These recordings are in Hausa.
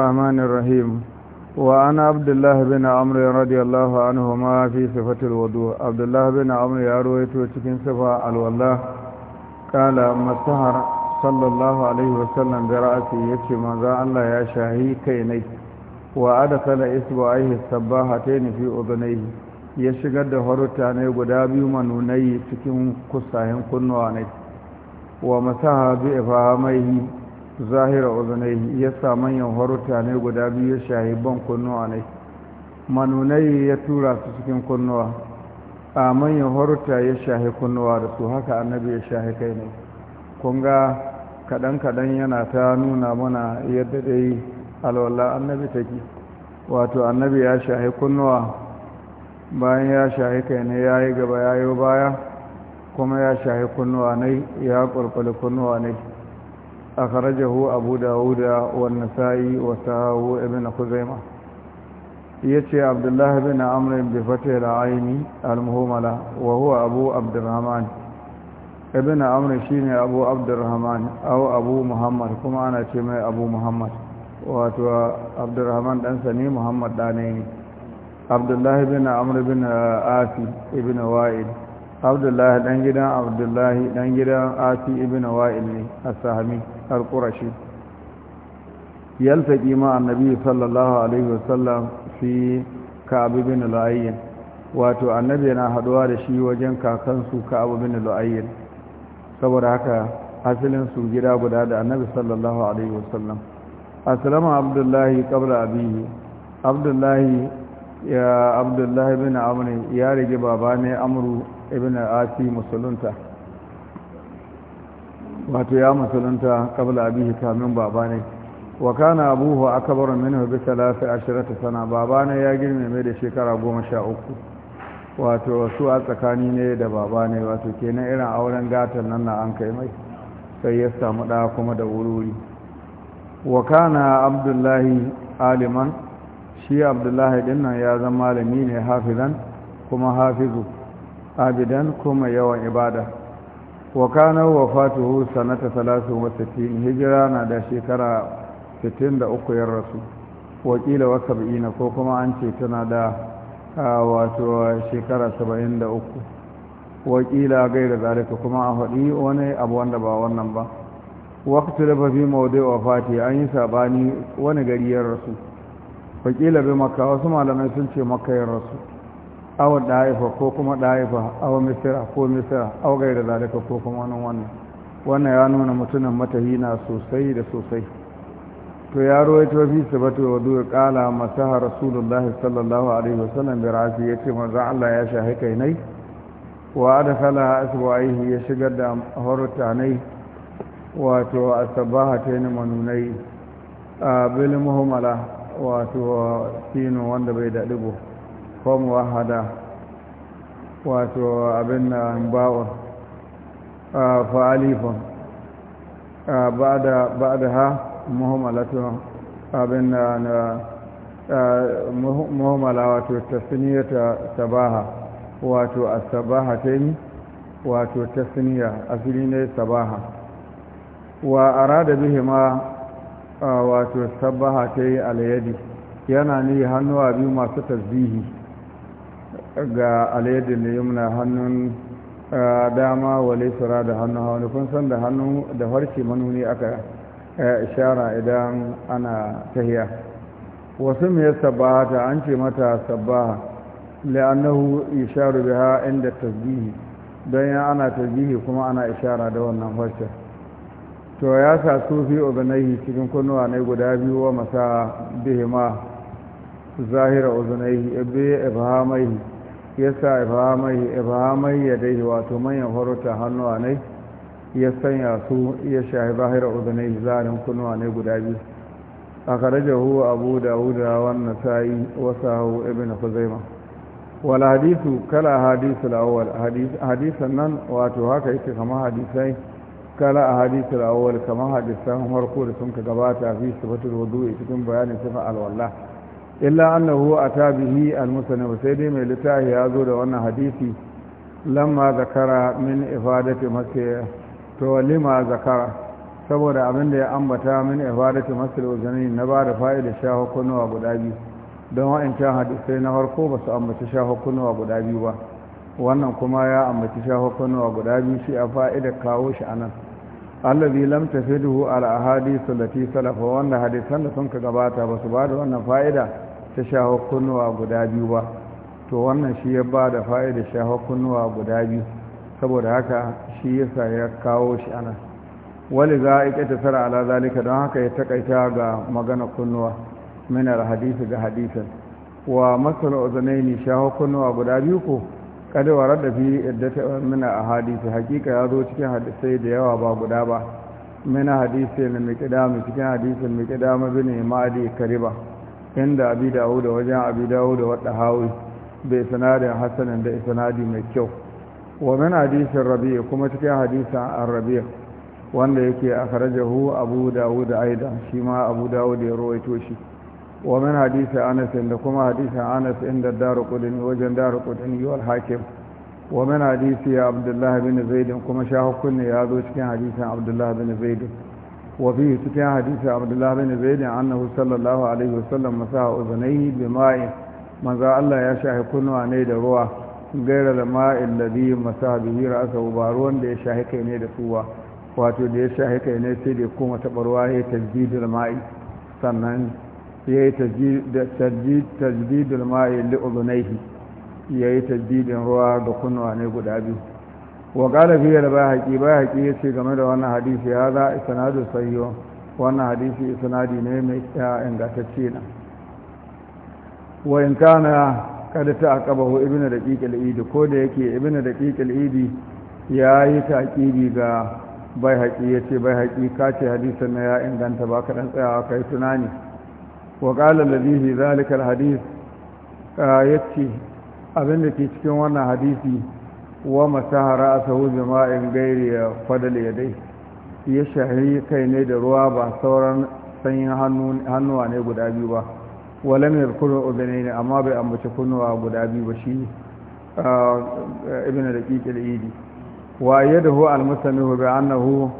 الرحمن الرحيم وعن عبد الله بن عمرو رضي الله عنهما في صفة الوضوء عبد الله بن عمرو يرويت cikin sifa alwallah kala masahar sallallahu alaihi wasallam da ra'asi ce, maza Allah ya shahi kainai wa adkhala isba'ihi sabahatayn fi udunayhi ya shigar da harutta ne guda biyu manunai cikin kusayen kunnuwa ne wa masaha bi ifhamaihi zahira uzunai ya sa manyan horuta ne guda biyu ya shahi ban kunnuwa ne manunai ya tura su cikin kunnuwa a manyan horuta ya shahi kunnuwa da su haka annabi ya shahi kai ne kun ga kaɗan-kaɗan yana ta nuna mana yadda dai alwallah annabi take wato annabi ya shahi kunnuwa bayan ya shahi kai ne ya yi gaba ya yi baya kuma ya shahi kunnuwa ne ya ƙulƙuli kunnuwa ne أخرجه أبو داود والنسائي وسهاه ابن خزيمة يتي عبد الله بن عمرو بفتح العين المهملة وهو أبو عبد الرحمن ابن عمرو شيني أبو عبد الرحمن أو أبو محمد كما أنا شيني أبو محمد واتو عبد الرحمن دانسني محمد دانيني عبد الله بن عمرو بن آسي ابن وائل abdullahi dan gidan abdullahi dan gidan ati ibn wa'il ne as-sahmi al-qurashi yaltaqi ma annabi sallallahu alaihi wasallam fi ka'ab ibn lu'ayyin wato annabi yana haduwa da shi wajen kakansu ka'ab ibn lu'ayyin saboda haka asalin su gida guda da annabi sallallahu alaihi wasallam aslama abdullahi qabla abihi abdullahi ya abdullahi bin amr ya rige baba ne amru ibn ati musulunta wato ya musulunta kabla abihi kamin baba ne wa kana abuhu akbar minhu bi 13 sana baba ya girme mai da shekara 13 wato su a tsakani ne da baba wato kenan irin auren gatan nan na an kai mai sai ya samu da kuma da wuri wa kana abdullahi aliman shi abdullahi dinnan ya zama malami ne hafizan kuma hafizu abidan kuma yawan ibada wa kana wafatuhu sanata 63 hijira na da shekara 63 ya rasu wakila wa 70 ko kuma an ce tana da wato shekara 73 wakila gaira zalika kuma a faɗi wani abu wanda ba wannan ba waqtu da fafi mawdi wa fati an yi sabani wani gari ya rasu wakila bi makka wasu malamai sun ce makka ya rasu awa da'ifa ko kuma da'ifa awa misira ko misira, awa aw da zalika ko kuma wannan wannan wannan ya nuna mutumin matahina sosai da sosai to ya rawaito fi sabatu wa du'a qala masaha rasulullahi sallallahu alaihi wasallam bi ra'si yace manzo Allah ya sha kai nai wa adkhala aswa'ihi ya shigar da nai wato asbahatayn manunai bil muhammala wato sinu wanda bai daɗi digo ko muwahada wato abin na ba'un fa'alifun ba da ha muhimmalatu abin na muhammala wato tasniya ta sabaha wato a sabaha ta yi wato tasniya asili ne sabaha wa arada ma, wato sabaha ta yi alayadi yana ni hannuwa biyu masu tasbihi ga alayyadin yumna hannun dama wale sura da hannun hauni kun san da hannu da harshe manuni aka ishara idan ana tahiya wasu mai sabaha an ce mata sabaha la'annahu isharu biha inda tasbihi don ya ana tasbihi kuma ana ishara da wannan harshe to ya sa sufi ubanai cikin kunnuwa ne guda biyu wa masa bihima zahira uzunai ibi ibhamaihi ya sa ibrahimai ya daidai wato manyan farauta hannuwa ne ya sanya su ya shahi bahira uzunai zarin kunnuwa ne guda biyu a karajahu abu dawuda wannan sa'i wasu wasahu ibn khuzaima wal hadisu kala hadisu al hadisan nan wato haka yake kama hadisai kala a hadisu al kama hadisan farko da sun ka gabata fi sifatul wudu'i cikin bayanin sifa alwallah illa annahu ata bihi al-musannaf sai dai mai littafi ya zo da wannan hadisi lamma zakara min ifadati masjid to lima zakara saboda abin da ya ambata min ifadati masjid wajani na ba da fa'ida sha hukunuwa guda biyu don wa'ancan hadisai na farko ba su ambaci sha hukunuwa guda biyu ba wannan kuma ya ambaci sha hukunuwa guda biyu shi a fa'ida kawo shi anan allazi lam tafiduhu al ahadith allati salafa wanda hadisan da sun ka gabata ba su ba da wannan fa'ida ta sha kunnuwa guda biyu ba to wannan shi ya ba da fa'ida sha kunnuwa guda biyu saboda haka shi yasa ya kawo shi ana wali za a ita tara ala zalika don haka ya takaita ga magana kunnuwa minar hadisi ga hadisan wa masal ne sha kunnuwa guda biyu ko kada wa ta fi iddata mina hadisi, hakika ya zo cikin hadisai da yawa ba guda ba mina hadisi na miqdam cikin hadisin miqdam ne ma'adi kariba inda abi dawud wajen abi dawud wa hawi bai sanadin hasanan da sanadi mai kyau wa min hadisin rabi kuma cikin hadisin ar-rabi wanda yake akhrajahu abu dawud aida shi ma abu dawud ya rawaito shi wa min hadisi anas da kuma hadisin anas inda daruqudni wajen daruqudni wal hakim wa min hadisi Abdullahi bin zaid kuma shahukun ya zo cikin hadisin Abdullahi bin zaid وفيه تكين حديث عبد الله بن زيد عنه صلى الله عليه وسلم مساء أذنيه بماء من ذا الله يشاء كن وانيد دروا غير الماء الذي مساء به رأسه بارون دي شاهي كيني دسوا واتو دي شاهي كيني سيد يقوم تبرواه تجديد الماء سنن yayi tajdid tajdid al-ma'i li udunayhi yayi tajdidin ruwa da kunwa guda biyu wa qala fiye da bayhaqi ya yace game da wannan hadisi ya za isnadu sayo, wannan hadisi isnadi ne mai ingantacce na wa in kana kada ta aqabahu ibina da ƙiƙil idi ko da yake ibnu daqiq al-idi yayi taqibi ga bayhaqi yace ka kace hadisin na ya inganta ba ka ɗan tsayawa kai tunani wa qala alladhi fi zalika al-hadith abin da ke cikin wannan hadisi wa masaha ra'asahu bima'in gairi ya fadal yadai ya shahari kai ne da ruwa ba sauran sanyin hannuwa ne guda biyu ba kuma yadhkuru ne amma bai ambaci kunnuwa guda biyu ba shi ibina da al-idi wa hu almasani hu bai annahu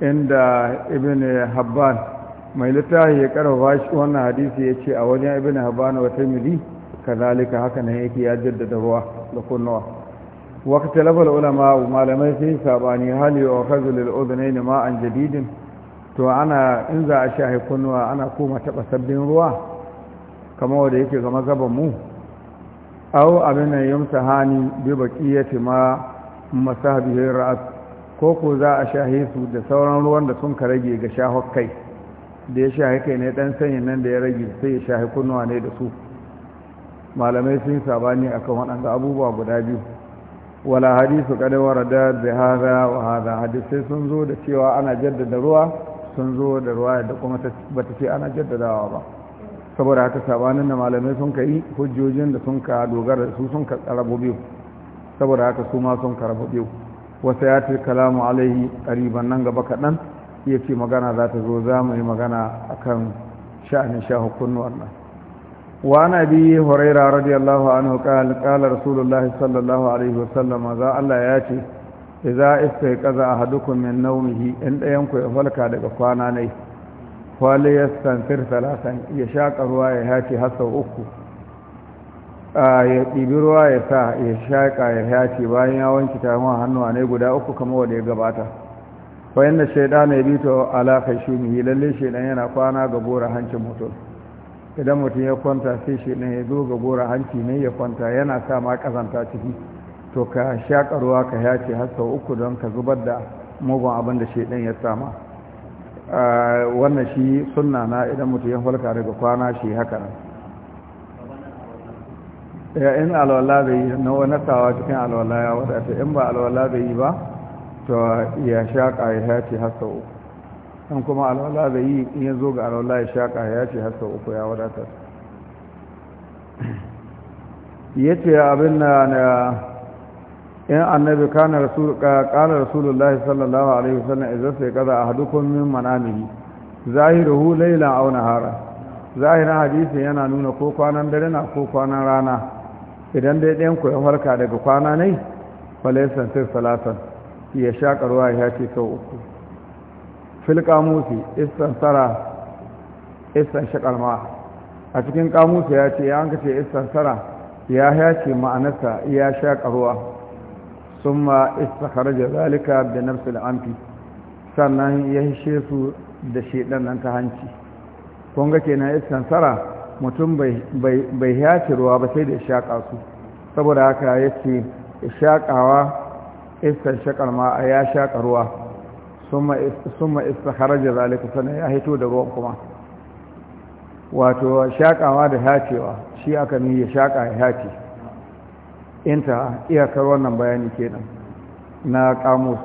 inda ibn habban mai littafi ya karfa shi wannan hadisi ya ce a wajen ibn habban mili tirmidhi kazalika haka na yake ya jaddada ruwa da kunnuwa واختلف العلماء malamai sai sabani hali wa khazul al-udhnayn ma'an jadidin to in za a shahi kunnuwa ana koma taba sabbin ruwa kamar wanda yake ga mazhaban mu aw abin yumsahani bi baqiyati ma masahabihi ra'at ko ko za a shahi da sauran ruwan da sun ka rage ga shahok kai da ya shahi kai ne dan sanyin nan da ya rage sai ya shahi kunnuwa ne da su malamai sun sabani akan waɗanda abubuwa guda biyu wala hadisu kada warada bi hada wa hada hadisai sun zo da cewa ana jaddada ruwa sun zo da ruwa da kuma ta ce ana jaddadawa ba saboda haka sabanin da malamai sun kai hujjojin da sun ka dogara su sun ka tsarabo biyu saboda haka su ma sun rabu biyu wasa ya ce kalamu alaihi ƙariban nan gaba kaɗan ya ce magana za ta zo za mu yi magana akan sha'anin hukunnuwar nan وعن أبي هريرة رضي الله عنه قال قال رسول الله صلى الله عليه وسلم ذا الله ياتي إذا استيقظ أحدكم من نومه إن ينكو يفلك دقا فاناني فليستنفر ثلاثا يشاك رواية هاتي هسو أكو ya ruwa ya sa ya shaƙa ya haci bayan ya wanki tamuwa hannuwa ne guda uku kamar wanda ya gabata bayan da shaidana ya bito alaƙa shumi lalle shaidan yana kwana ga gora hancin mutum idan mutum ya kwanta sai shi ɗin ya zo ga gora hanci ne ya kwanta yana sa ma kazanta ciki to ka shaƙa ruwa ka yace har sau uku don ka zubar da mugun abin da shi ɗin ya sama wannan shi sunna na idan mutum ya falka daga kwana shi haka nan ya in alwala bai yi na wani sawa cikin alwala ya wadata in ba alwala bai yi ba to ya shaƙa ya yace har sau uku in kuma alwala zai yi in ya zo ga alwala ya shaƙa ya ce har sau uku ya wadatar ya ce abin na yan annabi kana rasulullahi sallallahu alaihi wasallam idan sai kaza a hadukun min manamihi hu laila aw nahara zahirin hadisi yana nuna ko kwanan dare na ko kwanan rana idan dai ɗayan ku ya farka daga kwana ne falaisan sai salatan ya shaƙa ruwa ya ce sau uku fil kamusi istan sara istan a cikin kamusa ya ce ya an kace istan sara ya yace ma'anarsa ya shakarwa summa istakharaja zalika bi da amfi sannan ya hishe su da shiɗan nan ta hanci kun ke na istan sara mutum bai yace ruwa ba sai da shaka su saboda haka yace shakawa istan a ya shakarwa summa istakharaja zalika sannan ya hito da ruwan kuma wato shakawa da hacewa shi aka ni ya shaka ya hace inta iyakar wannan bayani kenan na kamus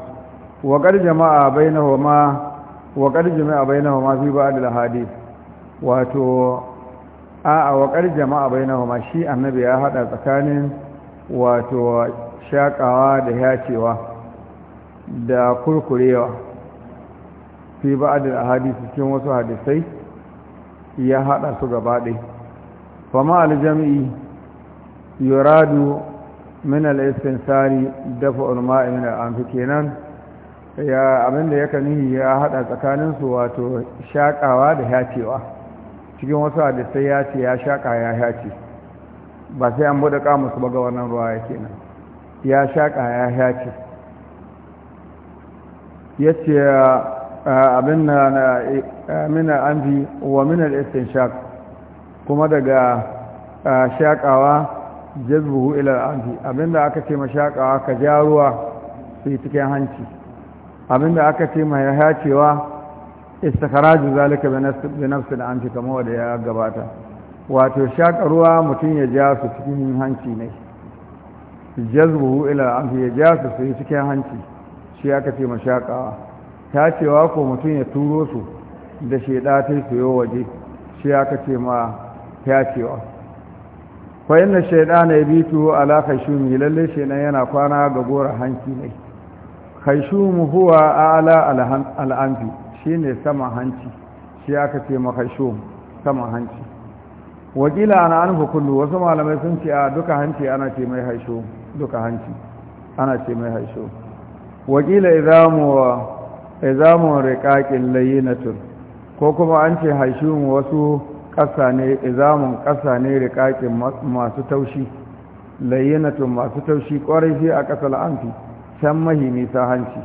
wa qad jama'a bainahuma wa qad jama'a bainahuma fi ba'd al-hadith wato a a wa qad jama'a bainahuma shi annabi ya hada tsakanin wato shakawa da hacewa da kurkurewa fi a da hadisi cikin wasu hadisai ya hada su gaba ɗaya fa ma al-jami'i yuradu min al-istinsari dafa al-ma'i min al kenan ya abinda yake nihi ya hada tsakanin su wato shakawa da yacewa cikin wasu hadisai ya ce ya shaka ya yace ba sai an bude kamus ba ga wannan ruwa yake nan ya shaka ya yace yace abin na mina wa minar istinshaq kuma daga shaƙawa jazbuhu ilar Abin abinda aka ce ma shaƙawa ka ja ruwa su yi cikin hanci abinda aka ce ma ya cewa istakarajin zalika bi nafsin anfi kamar wadda ya gabata wato shaƙa ruwa mutum ya ja su cikin hanci ne jazbuhu ilar anfi ya ja su su yi cikin hanci shi aka ce ma shaƙawa ta cewa ko mutum ya turo su da sheda ta soyo waje shi aka ce ma ta cewa fa inna bi yabitu ala khashumi lalle nan yana kwana ga gora hanki ne khashumu huwa ala shi ne sama hanci shi aka ce ma khashum sama hanci wakila ana an kullu wasu malamai sun ce a duka hanci ana ce mai haisho duka hanci ana ce mai haisho wakila idamu wa izamun riƙaƙin layinatun ko kuma an ce haishun wasu ƙasa ne izamun ƙasa ne riƙaƙin masu taushi layinatun masu taushi ƙwarai shi a ƙasar la'amfi can mahi nisa hanci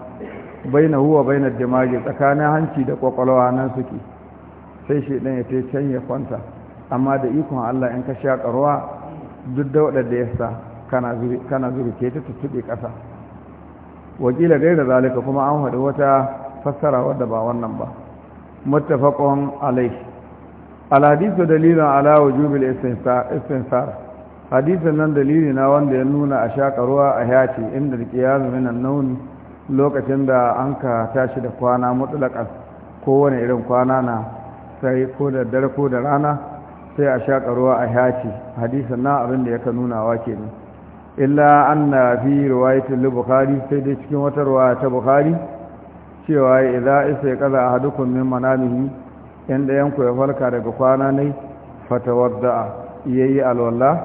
bai na huwa bai na tsakanin hanci da ƙwaƙwalwa nan suke sai shi ɗan ya ce can ya kwanta amma da ikon allah in ka shaƙarwa duk da waɗanda ya sa kana zurke ta tuttuɓe ƙasa wakila da zalika kuma an haɗu wata fassara wadda ba wannan ba muttafaqun alai alhadithu dalilun ala jubil istinsar hadisin nan dalili na wanda ya nuna a shaka ruwa a yace inda da min an lokacin da an ka tashi da kwana mutlaqan kowane irin kwana na sai ko da dare ko da rana sai a shaka ruwa a yace hadisin nan abin da yake nunawa kenan illa anna fi riwayatul bukhari sai dai cikin wata riwaya ta bukhari cewa idza isa kaza ahadukum min manamihi in da yanku ya farka daga kwana ne fatawadda yayi alwala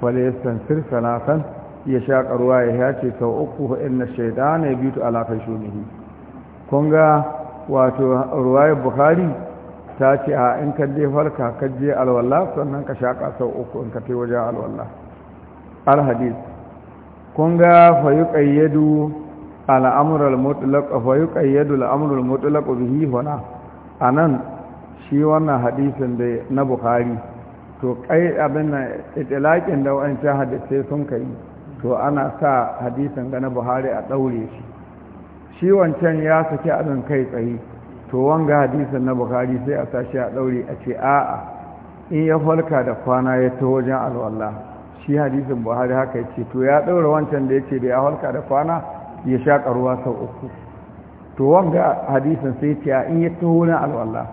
wala yastansir salatan ya shaka ruwa ya yace sau uku fa inna shaytana yabitu ala kashumihi kun ga wato riwayar bukhari ta ce a in ka je farka ka je alwala sannan ka shaka sau uku in ka tai wajen alwala al hadith kun ga fayuƙayyadu al'amural mutulaƙa fayuƙayyadu al'amural mutulaƙa bihi wana a nan shi wannan hadisin da na buhari to kai abin na itilaƙin da wancan hadisai sun kai to ana sa hadisin ga na buhari a ɗaure shi shi wancan ya saki abin kai tsaye to wanga hadisin na buhari sai a sashi a ɗaure a ce a'a in ya falka da kwana ya ta wajen alwallah shi hadisin buhari haka ya ce to ya ɗaura wancan da ya ce da ya halka da kwana ya shaƙa ruwa sau uku to wanga hadisin sai ce a in ya taho na alwallah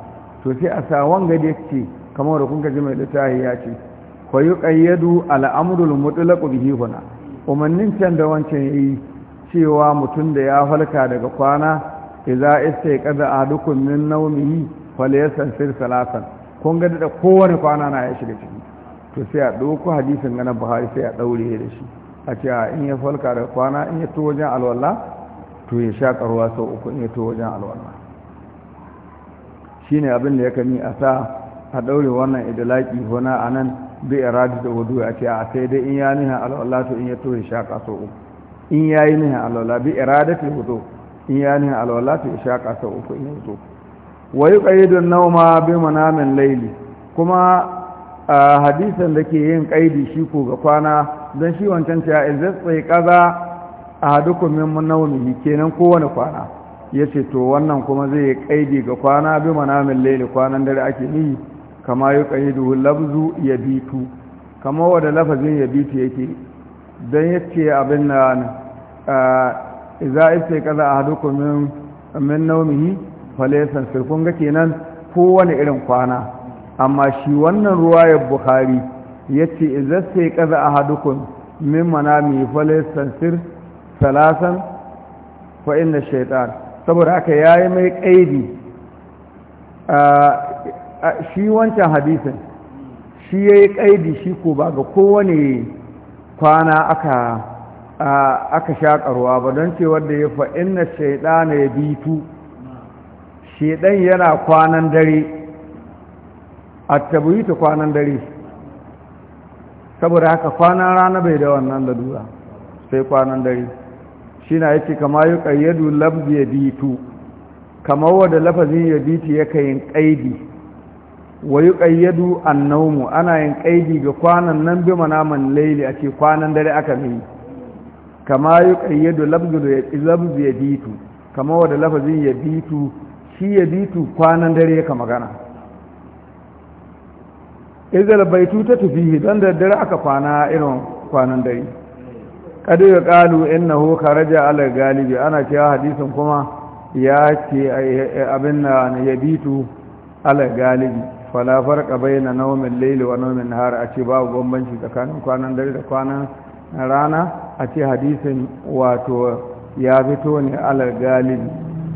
to sai a sa wanga da ya ce kamar da kun ji mai littafi ya ce fa yi ƙayyadu al'amurul mutulaku bihi huna umarnin can da wancan ya yi cewa mutum da ya halka daga kwana iza isa ya kada a dukkan min naumihi falayasan sir salasan kun ga da kowane kwana na ya shiga ciki to sai a ɗauko hadisin ganin buhari sai a ɗaure da shi a ce a in ya falka da kwana in ya to wajen alwallah to ya sha ƙarwa sau uku in ya to wajen alwallah ne abin da ya kami a sa a ɗaure wannan idalaki hona a nan bai iradu da wudu a ce a sai dai in ya nihin alwallah to in ya to ya sha sau uku in ya yi nihin alwallah bai irada ta wudu in ya nihin alwallah to ya sha sau uku in ya wudu wa yi ƙayyadun nauma bi manamin laili kuma a hadisan da ke yin kaidi shi ko ga kwana don shi wancan ta in zai tsaye kaza a hadukun min naunihi kenan kowane kwana ya ce to wannan kuma zai yi ƙaidi ga kwana bi manamin laili kwanan dare ake yi kama yi kaidu labzu ya bitu kama wadda lafazin ya bitu yake don ya ce abin na a iste kaza a hadukun min naunihi falesan sirkun ga kenan kowane irin kwana amma shi wannan ya buhari ya ce idan sai kaza a hadukun min manami falistan sir salasan fa'in da shaitan saboda haka ya yi mai ƙaidi shi wancan hadisin shi ya yi ƙaidi shi ko ba ga kowane kwana aka aka shaƙarwa ba don ce da ya fa'in da shaitan ya bitu shaitan yana kwanan dare attabuyi ta kwanan dare saboda haka kwanan rana bai da wannan lalura sai kwanan dare shi na yake kama yi ƙayyadu labdi ya bitu kamar wadda lafazin ya bitu ya yin ƙaidi wa yi ƙayyadu annaumu ana yin ƙaidi ga kwanan nan bi manaman laili a ce kwanan dare aka mai kama yi ƙayyadu labdi ya bitu kama wadda lafazin ya bitu shi ya bitu kwanan dare ya ka magana izal baitu ta tufihi don daddare aka kwana irin kwanan dare kada ya kalu innahu kharaja ala galibi ana cewa hadisin kuma ya ce abin na bitu, ala galibi fala farqa baina nawmin layli wa nawmin nahar a ce babu bambanci tsakanin kwanan dare da kwanan rana a ce hadisin wato ya fito ne ala galibi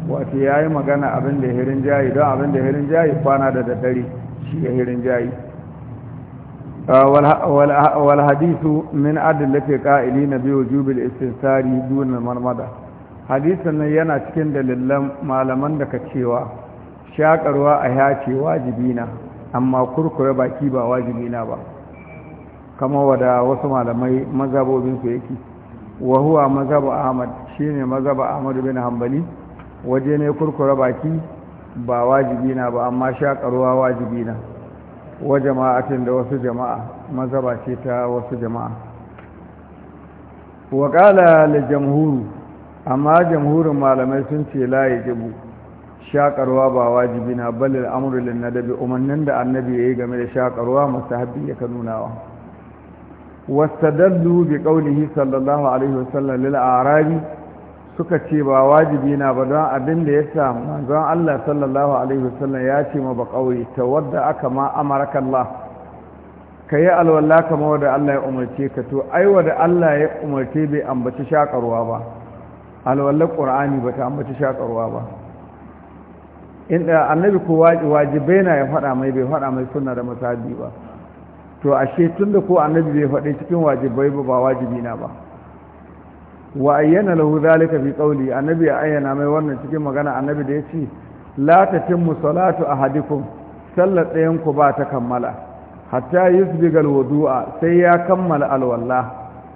wato yayi magana abin da hirin jayi don abin da hirin jayi kwana da daddare shi ya hirin jayi والحديث من أدلة قائلين بوجوب الاستنسار دون المرمدة hadisin nan yana cikin dalilan malaman da ka cewa shakarwa a yace wajibi na amma kurkure baki ba wajibi na ba kama wada wasu malamai mazabobinsu yake wa huwa mazhabu ahmad shine mazhabu ahmad bin hanbali waje ne kurkure baki ba wajibi na ba amma shakarwa wajibi na wa jama'atin da wasu jama'a mazaba ce ta wasu jama'a wa qala jamhuru amma jamhurin malamai sun ce la yajibu shakarwa ba wajibi na bal al-amru lin umarnin da annabi yayi game da shakarwa haɗi ya kanunawa wastadallu bi qawlihi sallallahu alaihi wasallam lil arabi suka ce ba wajibi na ba don abin da ya samu manzon Allah sallallahu alaihi wasallam ya ce ma bakawai ta wadda aka ma amarka Allah ka yi alwala kama wadda Allah ya umarce ka to ai wadda Allah ya umarce bai ambaci shakarwa ba alwala qur'ani ba ta ambaci shakarwa ba inda annabi ko wajibai na ya faɗa mai bai faɗa mai sunna da masabi ba to ashe tunda ko annabi bai faɗi cikin wajibai ba ba wajibi na ba wa ayyana lahu zalika fi qawli annabi ya ayyana mai wannan cikin magana annabi da yace la tatimmu salatu ahadikum sallar ɗayan ku ba ta kammala hatta yusbigal wudu'a sai ya kammala alwalla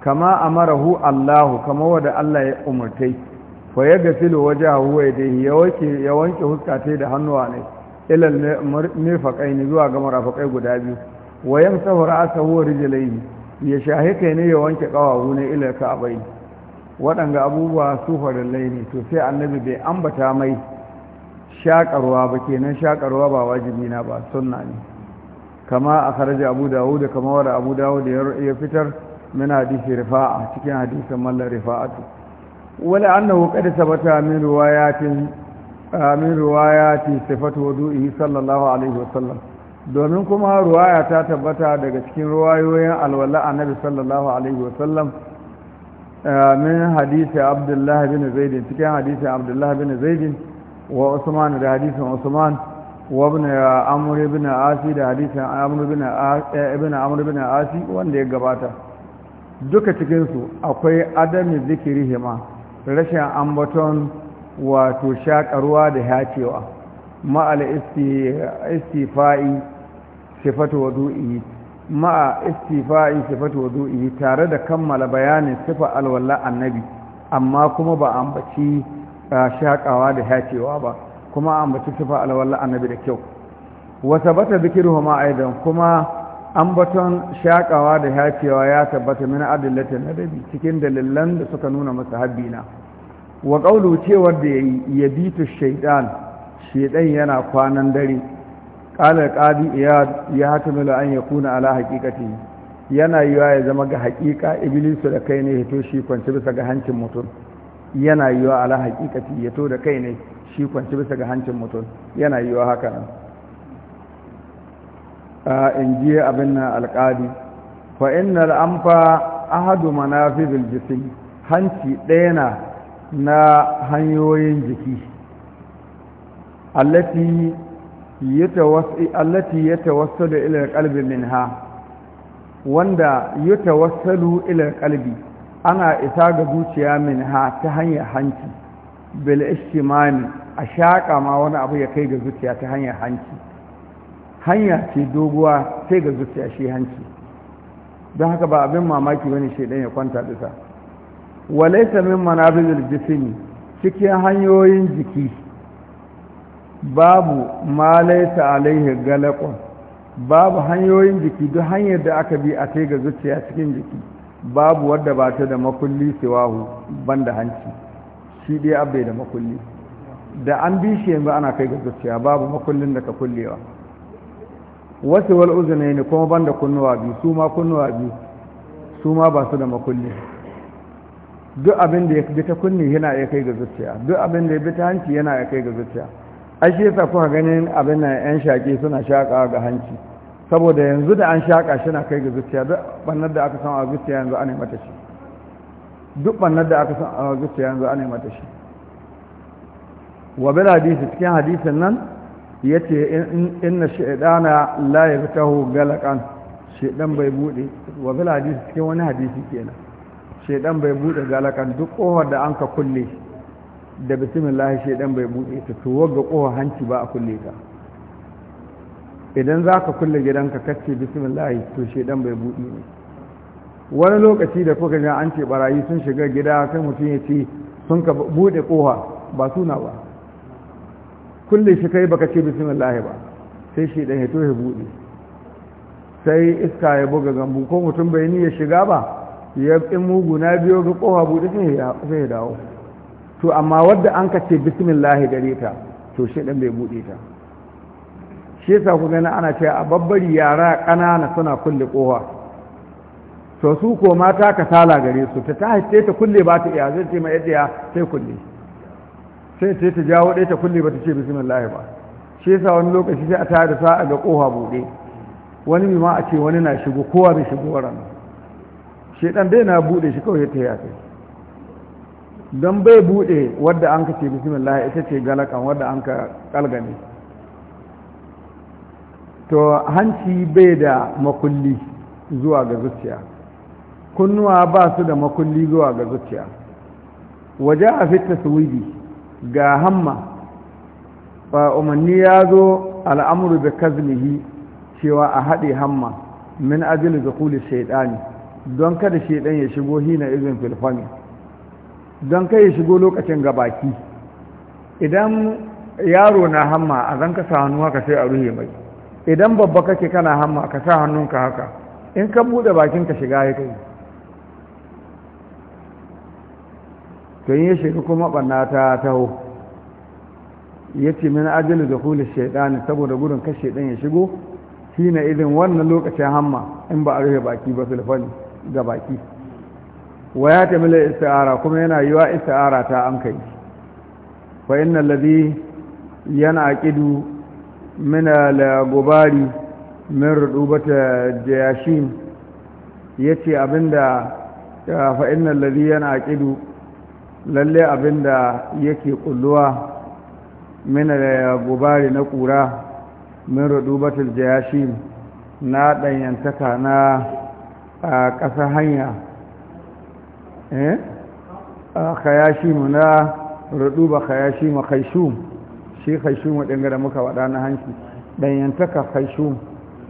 kama amarahu Allah kama wada Allah ya umurtai fa ya gasilu wajahu wa yadihi ya wanke ya wanke huskate da hannuwa ne ilal mirfaqaini zuwa ga marafakai guda biyu wa yamsahu ra'sahu wa rijlaihi ya shahi kai ne ya wanke kawawu ne ilal ka'baini waɗanga abubuwa su farillai ne to sai annabi bai ambata mai shaƙarwa ba kenan shaƙarwa ba wajibi na ba sunna ne kama a kharaji abu dawud kama wada abu dawud ya fitar min hadisi rifa'a cikin hadisin mallar rifa'atu wala annahu qad sabata min riwayatin min riwayati sifatu wudu'i sallallahu alaihi wasallam domin kuma ruwaya ta tabbata daga cikin ruwayoyin alwala annabi sallallahu alaihi wasallam min hadisi abdullah bin zaidin cikin hadisi abdullah bin zaidin wa da hadisin usman wa ibn amr asi da hadisin amr ibn ابن عمرو بن asi wanda ya gabata duka cikin su akwai adami hima rashin ambaton wato shakarwa da hacewa ma'al istifa'i sifatu wadu'i ma'a istifa'in sifatu wudu'i tare da kammala bayanin sifa alwala annabi amma kuma ba ambaci shakawa da hacewa ba kuma ambaci sifa alwala annabi da kyau wa sabata dhikruhuma aidan kuma baton shakawa da hacewa ya tabbata min adillatin nadabi cikin dalilan da suka nuna masahabina wa qawlu cewar da yayi yabitu shaytan shaytan yana kwanan dare ƙalar ƙadi ya hatimila an ya kuna على حقيقته yana yiwa ya zama ga haƙiƙa Ibilisu da kai ne ya to shi kwanci bisa ga hancin mutum yana yiwa ala haƙiƙati ya to da kai ne shi kwanci bisa ga hancin mutum yana yiwa haka nan a in ji abin na alƙadi fa inna al'amfa ahadu manafizul jisim hanci ɗaya na na hanyoyin jiki allati allati yatawassalu ila alqalbi wanda ana isa ga zuciya minha ta hanyar hanci bil ishtimami a shaƙa ma wani abu ya kai ga zuciya ta hanyar hanci hanya ce doguwa sai ga zuciya shi hanci don haka ba abin mamaki wani shaidan ya kwanta bisa walaisa min manazilul jisimi cikin hanyoyin jiki babu malai ta alaihi galaqun babu hanyoyin jiki duk hanyar da aka bi a kai ga zuciya cikin jiki babu wadda ba ta da makulli siwahu banda hanci shi dai abai da makulli da an bi shi yanzu ana kai ga zuciya babu makullin da ka kullewa wasu wal uzunai ne kuma banda kunnuwa biyu su ma kunnuwa biyu su ma ba su da makulli duk abin da ya bi ta kunne yana ya kai ga zuciya duk abin da ya bi ta hanci yana ya kai ga zuciya ashe yasa kuka ganin abin nan yan shaƙi suna shaƙa ga hanci saboda yanzu da an shaƙa shi na kai ga zuciya duk bannar da aka samu a zuciya yanzu ana mata shi duk bannar da aka samu a zuciya yanzu ana mata shi wa bil hadisi cikin hadisin nan yace inna shaytana la yaftahu galaqan shaytan bai bude wa bil hadisi cikin wani hadisi kenan shaytan bai bude galakan duk kofar da an ka kulle da bismillah shaidan bai buɗe ta tuwar ga ƙofa hanci ba a kulle ta idan za ka kulle gidanka kacce bismillah to shaidan bai buɗe ne wani lokaci da kuka ga an ce barayi sun shiga gida sai mutum ya ce sun ka buɗe ƙofa ba suna ba kulle shi kai baka ce bismillah ba sai shaidan ya to ya buɗe sai iska ya buga gambu ko mutum bai ni ya shiga ba ya in mugu na biyo ga ƙofa buɗe sai ya dawo to amma wadda an ka ce bismillah gare ta to shi ɗan bai buɗe ta shi yasa ku gani ana cewa a babbari yara ƙanana suna kulle ƙofa to su ko mata sala gare su ta ta haice ta kulle ba ta iya zai ce mai yadda sai kulle sai ce ta jawo ɗaya ta kulle ba ta ce bismillah ba shi yasa wani lokaci sai a tare da sa'a ga ƙofa buɗe wani ma a ce wani na shigo kowa bai shigo ran shi ɗan dai na buɗe shi kawai ta yi a kai don bai buɗe wadda an ka ce bismillah ita ce galakan wadda an ka to hanci bai da makulli zuwa ga zuciya kunnuwa ba su da makulli zuwa ga zuciya waje a fita su taswidi ga hamma ba umarni ya zo al'amuru da kazmihi cewa a haɗe hamma min ajiyar da kuli shaidani don kada shaidan ya shigo hina izin filfani don kai ya shigo lokacin baki, idan yaro na hamma a zan kasa hannu haka sai a ruhe mai idan babba kake kana hamma ka sa hannunka haka in ka buɗe bakin ka shiga ya kai to ya shiga kuma ɓanna ta taho ya ce min ajali da kulis shaidani saboda gudun kashe shaidan ya shigo shi na izin. wannan lokacin hamma in ba a rufe baki ba sulfani ga baki wa ya tamila isti'ara kuma yana yiwa isti'ara ta an kai fa innal ladhi yana aqidu min al-gubari min rubata jayashin yace abinda fa innal ladhi yana aqidu lalle abinda yake kulluwa min al-gubari na kura min rudubatul jayashin na danyantaka na ƙasa hanya eh mu na ruduba khayashimu khayshum shi khayshum dinga da muka wada na hanci danyantaka khayshum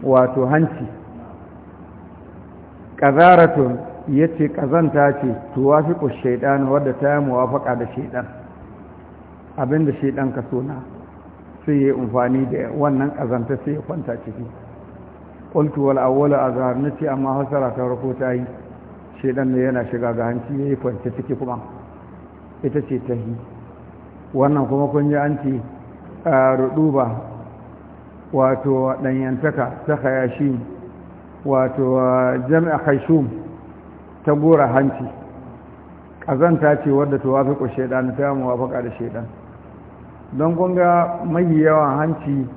wato hanci kazaratun yace kazanta ce tuwafiqu shaytan wadda ta yi muwafaka da shaytan abinda shaytan ka sona sai ya amfani da wannan kazanta sai ya kwanta ciki qultu wal awwala azhar nace amma hasara ta ruko ta yi Shaiɗan ne yana shiga ga hanci ne ya kwance ciki kuma ita ce ta yi. wannan kuma kun yi an ce ruduba wato ɗanyantaka ta hayashi wato jami'a haishum ta gora hanci ƙazanta ce wadda ta wafi ku shaidan ta wafi da shaidan don kun ga yawan hanci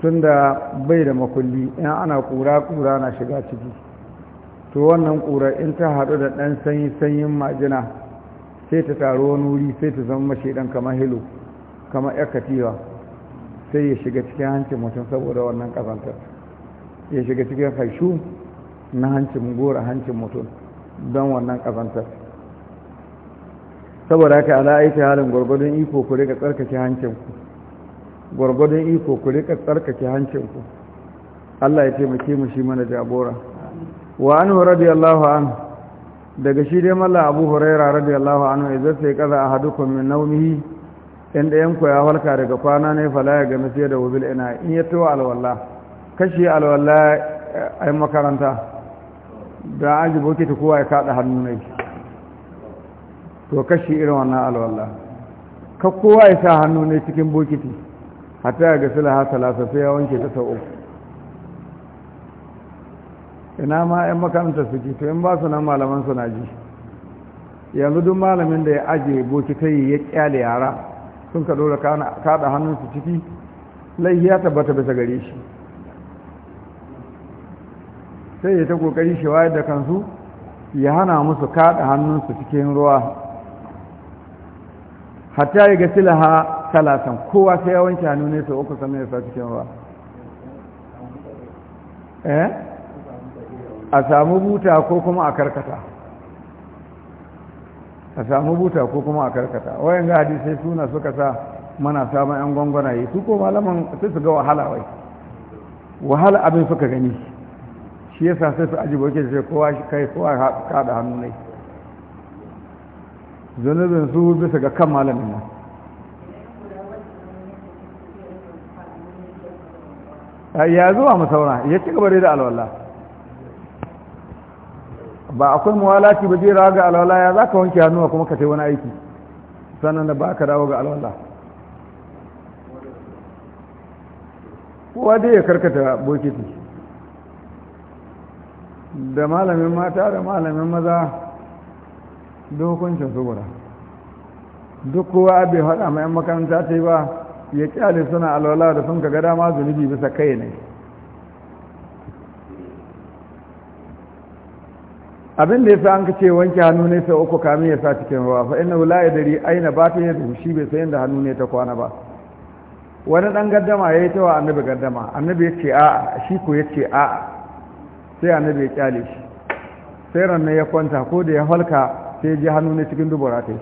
tun da bai da makulli in ana kura kura na shiga ciki to wannan ƙura in ta haɗu da ɗan sanyi sanyin majina sai ta taru wani wuri sai ta zama shaidan kama hilo kama 'ya katiwa sai ya shiga cikin hancin mutum saboda wannan ƙazantar ya shiga cikin haishu na hancin gora hancin mutum don wannan ƙazantar saboda haka ala aiki halin gwargwadon iko ku rika tsarkake hancinku gwargwadon iko ku rika tsarkake hancinku Allah ya ce mu shi mana jagora wa anhu radiyallahu anhu daga shi dai mallan abu huraira radiyallahu anhu idan sai kaza ahadukum min nawmihi in ɗayan ku ya halka daga kwana ne fala ya gami sai da wubil ina in ya tawo alwala kashi alwala eh, ai makaranta da aji boki bokiti kowa ya kaɗa hannu ne to kashi irin wannan alwala ka kowa ya sa hannu ne cikin bokiti hatta ya ga sulaha salasa sai ya wanke ta sau uku ina ma 'yan makarantar suke to in ba su nan malaman su na ji yanzu duk malamin da ya aje bokitai ya kyale yara sun ka dora kada hannunsu ciki laihi ya tabbata bisa gare shi sai ya ta kokari shi wayar da kansu ya hana musu kada hannunsu cikin ruwa hatta ya ga silaha talatan kowa sai ya wanke hannu ne sau uku sannan ya sa cikin ruwa eh a samu buta ko kuma a karkata a samu buta ko kuma a karkata wayan ga hadisai suna suka sa mana samun yan yi su ko malaman sai su ga wahala wai wahala abin suka gani shi yasa sai su aji boke sai kowa shi kai kowa da hannu ne zunubin su bisa ga kan malamin nan ya zuwa mu ya ci gaba da alwala ba akwai muwalati ba zai rawa ga alwala ya za ka wanke hannuwa kuma ka tai wani aiki sannan da ba ka dawo ga alwala kowa dai ya karkata bokiti da malamin mata da malamin maza dokoncin saboda duk kowa bai haɗa mai makaranta ta yi ba ya kyale suna alwala da sun ka gada ma zunubi bisa kai ne abin da ya sa an ka ce wanke hannu ne sai uku kami ya sa cikin ruwa fa inna la yadri aina bata yadu shi bai san inda hannu ne ta kwana ba wani dan gaddama yayi ta wa annabi gaddama annabi ya ce a'a shi ko ya ce a'a sai annabi ya kyale shi sai ranne ya kwanta ko da ya halka sai ji hannu ne cikin dubura ta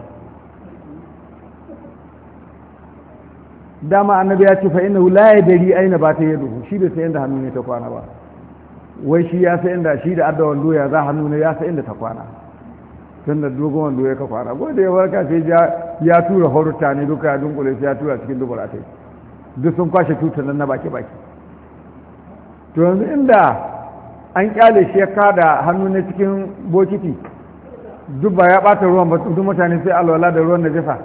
dama annabi ya ce fa inna la yadri aina bata yadu shi bai san inda hannu ne ta kwana ba wai shi ya sai inda shi da adda wando ya za hannu ne ya sai inda ta kwana tun da dogon wando ya ka kwana da ya warka sai ya tura horuta ne duka ya dunkule sai ya tura cikin dubura ta duk sun kwashe tutar nan na baki baki to yanzu inda an kyale shi ya kada hannu na cikin bokiti duk ba ya bata ruwan ba duk mutane sai alwala da ruwan najasa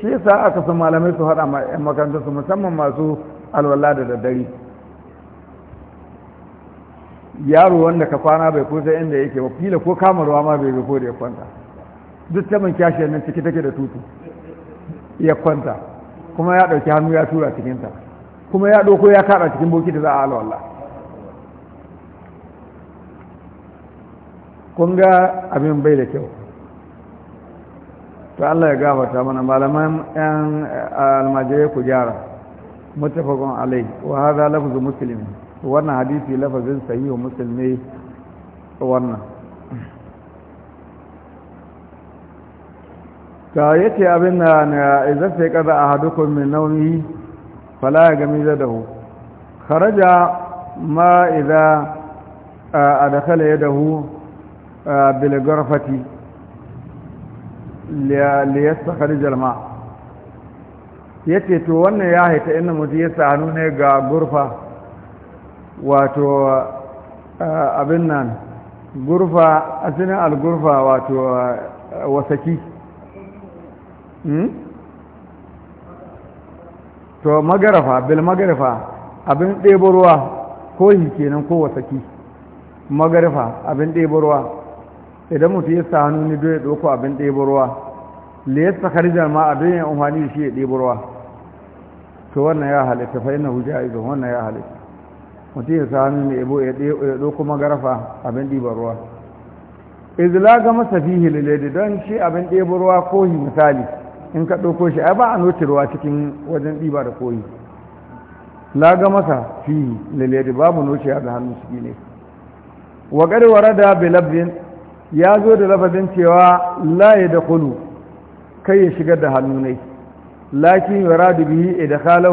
shi yasa aka san malamai su haɗa su musamman masu alwala da daddare yaro wanda ka kwana bai ko sai inda yake wakila ko kama ruwa ma bai ko da ya kwanta duk ta man kyashiyar nan ciki take da tutu ya kwanta kuma ya ɗauki hannu ya tura cikinta kuma ya ɗauko ya kaɗa cikin bokiti za a alwallah kun ga abin bai da kyau to Allah ya gabata mana malaman yan almajirai ku gyara mutafakon alai wa haza lafuzu musulmi. wannan hadisi lafazin sahihu muslim ne wannan ta yake abin da na sai kada ahadukum mai nawmihi fala da dahu kharaja ma kala ya dahu bil gharfati li yastakhrij al ma yace to wannan ya haita inda mutu ya sa hannu ne ga gurfa wato abin nan gurfa asinin algurfa wato wasaki hmm? to magarafa bil magarafa abin ɗeburwa ko yi kenan ko wasaki magarafa abin ɗeburwa. idan mutu ya sa hannu ne don ya abin ɗeburwa, le ya sakar ma a don umarni shi ya ɗeburwa, to wannan ya halitta fa ina hujja izon wannan ya halitta mutum ya sami mai ibo ya kuma Garafa abin ɗiban ruwa izila ga masa fihi da don shi abin ɗibar ruwa kohi misali in ka ɗauko shi ai ba a noce ruwa cikin wajen ɗiba da kohi la ga masa fihi da babu noce ga hannun shi ne wa garwara da bilabdin ya zo da lafazin cewa laye da kulu kai ya shigar da hannu ne lakin yara da bihi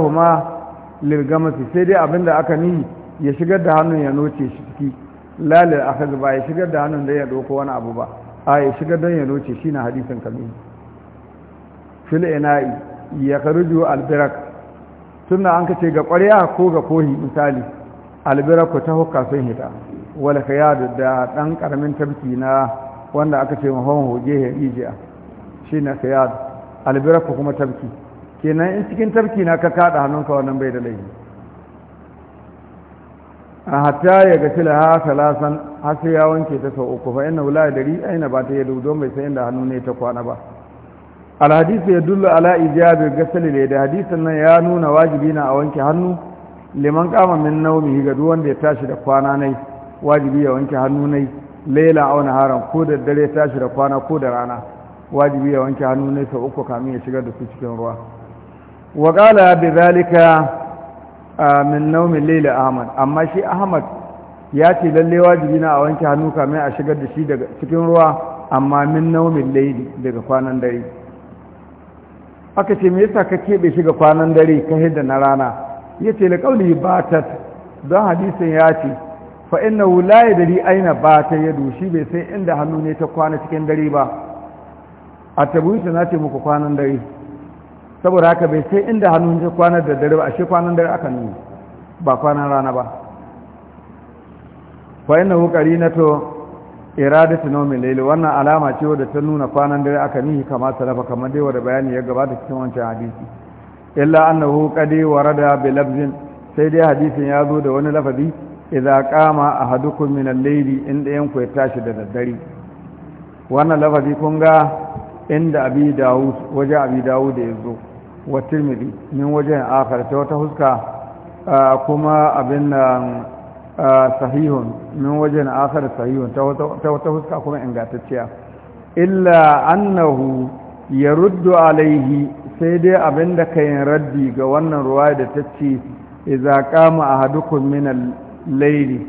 ma lil gamasi sai dai abinda aka nihi ya shigar da hannun ya noce shi ciki lalil akhaz ba ya shigar da hannun da ya doko wani abu ba a ya shigar don ya noce shi na hadisin kamili fil ina'i ya karuju albirak da an kace ga ƙwarya ko ga kohi misali albirak ta hukka sun hita ka yadu da dan karamin tabki na wanda aka ce mahon hoge ya rijiya shi na yadu albirak kuma tabki kenan in cikin tabki na ka kada hannunka wannan bai da laifi A hatta ya ga tila ha salasan har sai ya wanke ta sau uku fa inna wala dari aina ba ta yadu don bai san inda hannu ne ta kwana ba al hadisi ya dullu ala ijabi gasali da hadisan nan ya nuna wajibi na a wanke hannu liman kama min naumi ga duk ya tashi da kwana nai wajibi ya wanke hannu nai laila aw naharan ko da dare tashi da kwana ko da rana wajibi ya wanke hannu nai sau uku kamin ya shigar da su cikin ruwa wa qala bi zalika min naumin laila ahmad amma shi ahmad ya ce lalle wajibi na a wanke hannu kamin a shigar da shi daga cikin ruwa amma min naumin laili daga kwanan dare aka ce me yasa ka keɓe shiga ga kwanan dare ka hidda na rana ya ce laƙauli batat don hadisin ya ce fa inna wula ya dari aina bata ya dushi bai sai inda hannu ne ta kwana cikin dare ba a tabbata na ce muku kwanan dare saboda haka bai sai inda hannun shi kwanar da dare ba shi kwanan dare aka nuna ba kwanan rana ba na hukari na to iradatu nawmi layl wannan alama ce wadda ta nuna kwanan dare aka nuna kama salafa kamar dai wadda bayani ya gabata cikin wancan hadisi illa na hukari wara da bilabzin, sai dai hadisin ya zo da wani lafazi idza qama ahadukum minan al in inda yanku ya tashi da daddare wannan lafazi kun ga inda abi dawud waje abi dawud ya zo wa tirmidhi min wajen akhar ta wata huska kuma abin da sahihun min wajen akhar sahihun ta wata huska kuma ingantacciya illa annahu yaruddu alaihi sai dai abin da kayin raddi ga wannan ruwa da ta ce iza kama ahadukum min al lairi,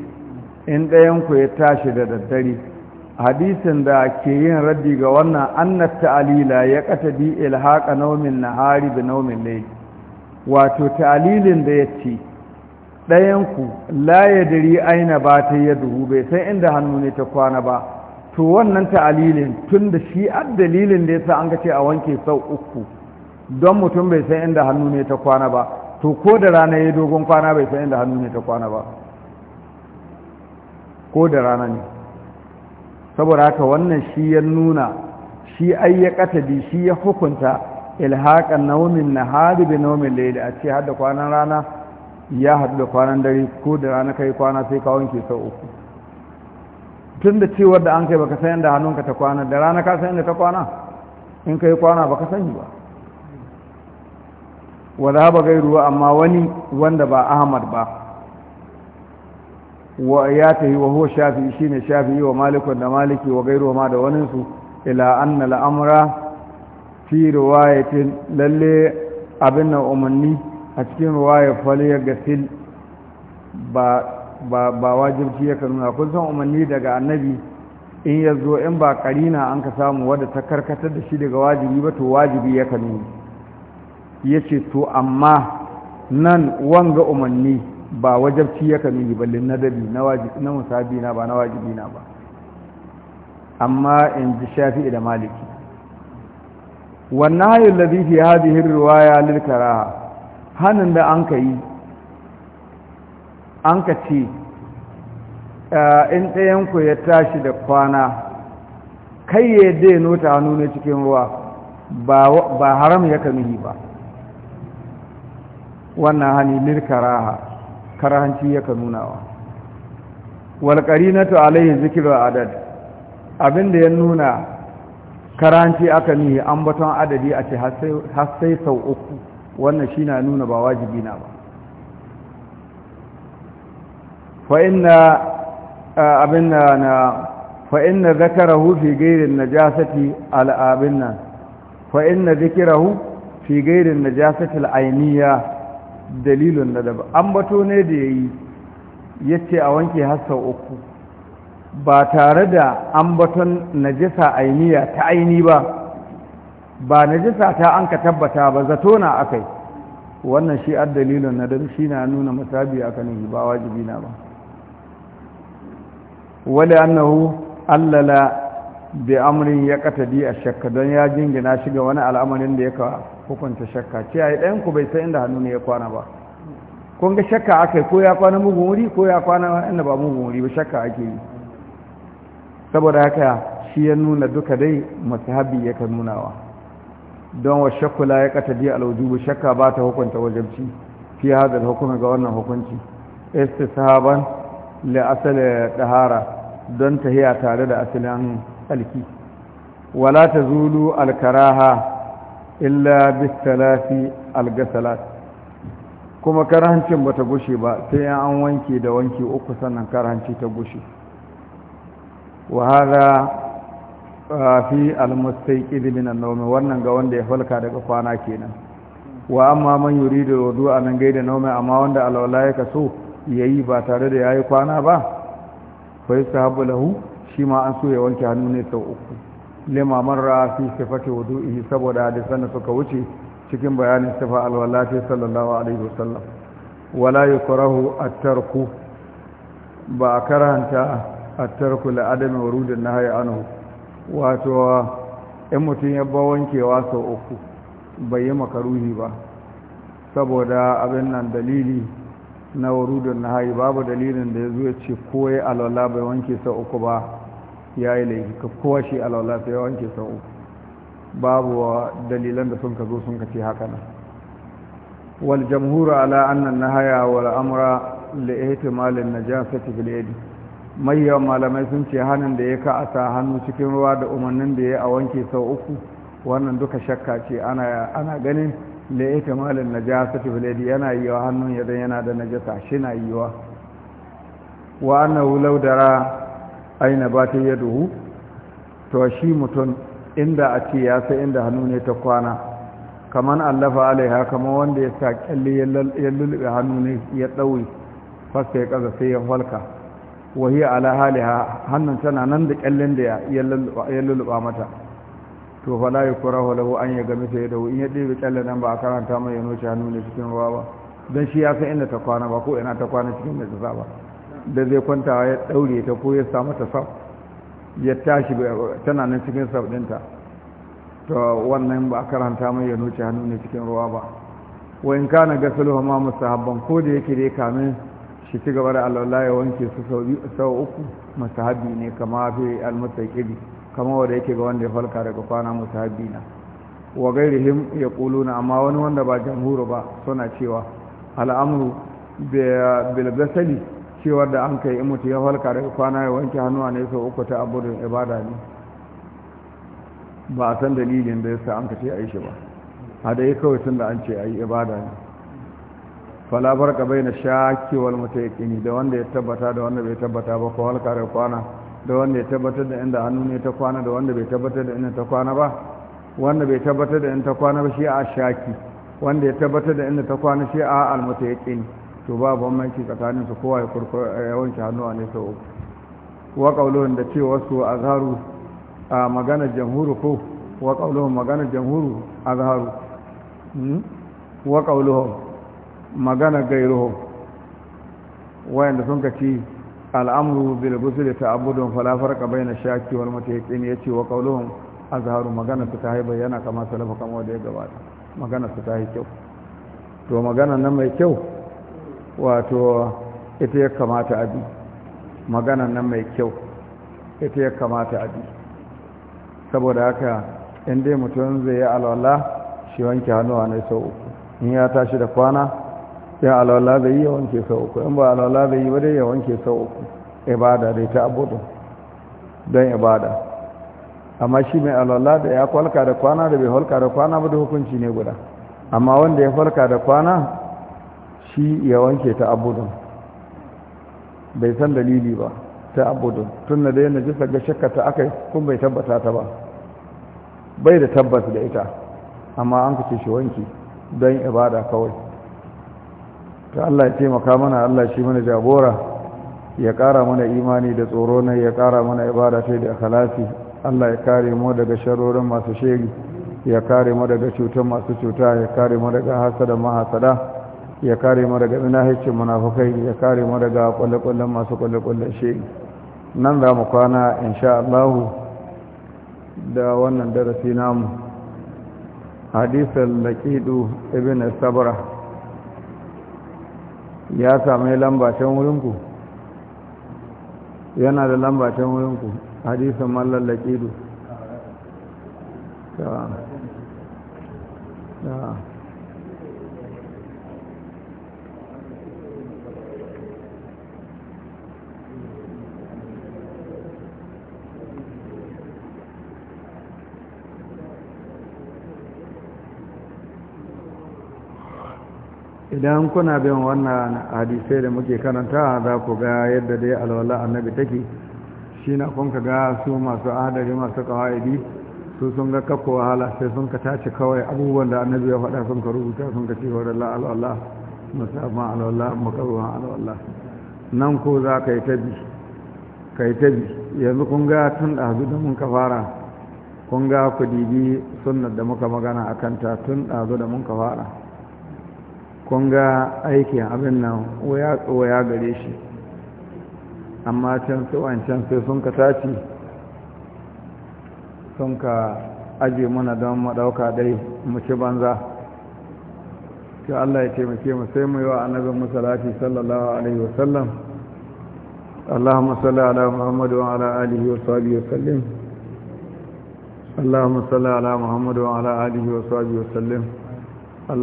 in ɗayan ku ya tashi da daddare hadisin da ke yin raddi ga wannan annat ta'alila ya bi ilhaqa naumin nahari bi naumin layl wato ta'alilin da yace dayan ku la aina ba ta yadu bai san inda hannu ne ta kwana ba to wannan ta'alilin da shi dalilin da yasa an ga ce a wanke sau uku don mutum bai san inda hannu ne ta kwana ba to ko da rana ya dogon kwana bai san inda hannu ne ta kwana ba ko da rana ne saboda haka wannan shi ya nuna shi ai ya katabi shi ya hukunta ilhaqan nawmin na bi nawmin laili a ce har da kwanan rana ya haɗu da kwanan dare ko da rana kai kwana sai ka wanke sau uku tun da cewar da an kai baka san yadda hannunka ta kwana da rana ka san yadda ta kwana in kai kwana baka sani ba wala ba gairuwa amma wani wanda ba ahmad ba wa ya tahi wa huwa shafi'i shine shafi'i wa malikun da maliki wa gairu ma da wani su ila anna al'amra fi riwayatin lalle abin nan umanni a cikin riwayar fali ya gasil ba ba ba wajibci ya kanuna kun san umanni daga annabi in ya zo in ba karina an ka samu wadda ta karkatar da shi daga wajibi ba to wajibi ya kanuna ya ce to amma nan wanga umarni ba wajabci ya kamili ballin na dabi na musabi na ba na wajibi na ba amma in ji shafi da maliki wannan hayin da fi hadihin ruwaya lilkaraha hannun da an ka yi an ka ce ah, in ɗayanku ya tashi da kwana kai ya dai nota hannu ne cikin ruwa ba haram ya kami ba wannan hani lilkaraha karahanci yaka nunawa Walƙari walƙarinatu alaihi zikirar adad abinda ya nuna karanci aka an baton adadi a ce har sai sau uku wannan shi na nuna ba wajibi na ba fa'in na zakarahu fi gairin na jasati al'abin nan fa'in na zikirahu fi gairin na jasati al'ainiya dalilun na daba an bato ne da ya yi ya ce a wanke hasa uku ba tare da an baton najisa ainiya ta aini ba ba najisa ta an ka tabbata ba zato na akai wannan shi ad dalilun na daba shi na nuna musabi aka nuhi ba wajibi na ba wale annahu allala bi amrin ya katadi a shakka don ya jingina shi ga wani al'amarin da ya ka hukunta shakka ce ai ɗayan ku bai san inda hannu ne ya kwana ba kun ga shakka yi ko ya kwana mugun wuri ko ya kwana inda ba mugun wuri ba shakka ake yi saboda haka shi ya nuna duka dai masu habi ya ka nunawa don wa shakku ya katadi ba shakka ba ta hukunta wajabci fi hada hukumar ga wannan hukunci istisahaban li asali don tahiya tare da asalin tsalki wala ta zulu alkaraha illa bisalafi algasalat kuma karahancin ba ta gushe ba sai an wanke da wanke uku sannan karahanci ta gushe wa hada fi almustaqid min an-nawm wannan ga wanda ya falka daga kwana kenan wa amma man yuridu a nan gaida nawm amma wanda alwala ya kaso yayi ba tare da yayi kwana ba fa yastahabu lahu shi ma an so ya wanke hannu ne sau uku lima marra fi sifati wudu'i saboda da sanna suka wuce cikin bayanin sifa alwalati sallallahu alaihi wasallam wala yukrahu at-tarku ba a karanta at-tarku la adami wurudin nahyi anhu wato in mutum ya ba wankewa sau uku bai yi makaruhi ba saboda abin nan dalili na wurudin nahyi babu dalilin da ya zo ya ce koyi alwala bai wanke sau uku ba ya yi laifi ka kowa shi alwala sai ya wanke sau uku babu dalilan da sun ka zo sun ka ce haka nan wal jamhura ala annan na nahaya wal amra li ihtimalin najasati bil biladi mai yawan malamai sun ce hannun da ya ka a ta hannu cikin ruwa da umarnin da ya a wanke sau uku wannan duka shakka ce ana ganin da ya ta malin yana yi wa hannun yadda yana da najasa shi na yi wa wa annahu laudara aina ba ta yi duhu to shi mutum inda a ce ya sai inda hannu ne ta kwana kamar allafa alaiha kamar wanda ya sa kyalle ya lulluɓe hannu ne ya ɗaure fasta ya ƙaza sai ya falka wahiyar alahaliha hannun tana nan da kyallin da ya lulluɓa mata to fala ya kura lahu an ya gami sai da in ya ɗebe kyalle nan ba a karanta mai ya noce hannu ne cikin ruwa ba don shi ya san inda ta kwana ba ko ina ta kwana cikin mai ta ba da zai kwantawa ya daure ta ko ya samu ta sab ya tashi tana nan cikin sab ɗinta to wannan ba karanta mai ya nuce hannu ne cikin ruwa ba wa in kana gasaluhu ma mustahabban ko da yake dai kamin shi ci gaba da Allah ya wanke su sau uku mustahabi ne kama fi almustaqidi kama wanda yake ga wanda ya falka daga kwana mustahabi na wa gairihim yaquluna amma wani wanda ba jamhuru ba suna cewa al'amru bil gasali cewar da an kai in mutu ya halka daga kwana ya wanke hannuwa ne sau uku ta abudin ibada ne ba a san dalilin da yasa an ka ce a yi shi ba a da ya kawai tun da an ce a yi ibada ne falabar ka bai na shakewar mutu ya da wanda ya tabbata da wanda bai tabbata ba ko halka daga kwana da wanda ya tabbatar da inda hannu ne ta kwana da wanda bai tabbatar da inda ta kwana ba wanda bai tabbatar da inda ta kwana ba shi a shaki wanda ya tabbatar da inda ta kwana shi a almutu ya to ba bambanci tsakanin su kowa ya wanke hannuwa ne nesa uku wa kaulun da ce wasu zaru a magana jamhuru ko wa kaulun magana jamhuru zaru hmm? wa kaulun magana gairo wayanda sun kaci al'amru bil gusul ta'abbudun fala farqa bayna shaki wal ya ce wa a zaru magana su ta haiba yana kama salafa kama da ya gabata magana su ta yi kyau to magana nan mai kyau wato ita ya kamata a bi maganan nan mai kyau ita ya kamata a bi saboda haka inda mutum zai yi alwala shi wanke hannuwa ne sau uku in ya tashi da kwana ya alwala zai yi ya wanke sau uku in ba alwala zai yi wadai yawanke ya wanke sau uku ibada dai ta abudu don ibada amma shi mai alwala da ya kwalka da kwana da bai kwalka da kwana ba da hukunci ne guda amma wanda ya kwalka da kwana shi ya wanke ta abudun bai san dalili ba ta abudun tun da yana jisa ga shakka ta aka kuma bai tabbata ta ba bai da tabbas da ita amma an kace shi wanki don ibada kawai ta Allah ya taimaka mana Allah shi mana jagora ya kara mana imani da tsoro na ya kara mana ibada ta da akhlasi Allah ya kare mu daga sharorin masu shegi ya kare mu daga cutar masu cuta ya kare mu daga hasada mahasada ya kare mu daga minahicin munafukai ya kare mu daga kwalle masu kwalle shi nan za mu kwana insha Allah da wannan darasi namu hadisan laqidu ibn sabra ya same lamba wurinku yana da lamba wurinku hadisan mallan laqidu ta ta idan kuna bin wannan hadisai da muke karanta za ku ga yadda dai alwala annabi take shi na kun ga su masu adari masu kawai su sun ga kafa wahala sai sun ka tace kawai abubuwan da annabi ya faɗa sun ka rubuta sun ka cewa da alwala musamman alwala makarwa alwala nan ko za ka yi tabi ka yi tabi yanzu kun ga tun ɗazu da mun ka fara kun ga ku dibi sunnar da muka magana a kanta tun ɗazu da mun ka fara kun ga aikin abin nan waya tsoya gare shi amma can sai wancan sai sun ka tashi sun ka aje mana don maɗauka dai mu ci banza to Allah ya taimake mu sai mu yi wa annabin musalafi sallallahu alaihi wasallam اللهم صل على محمد وعلى آله وصحبه وسلم اللهم صل على محمد وعلى آله وصحبه وسلم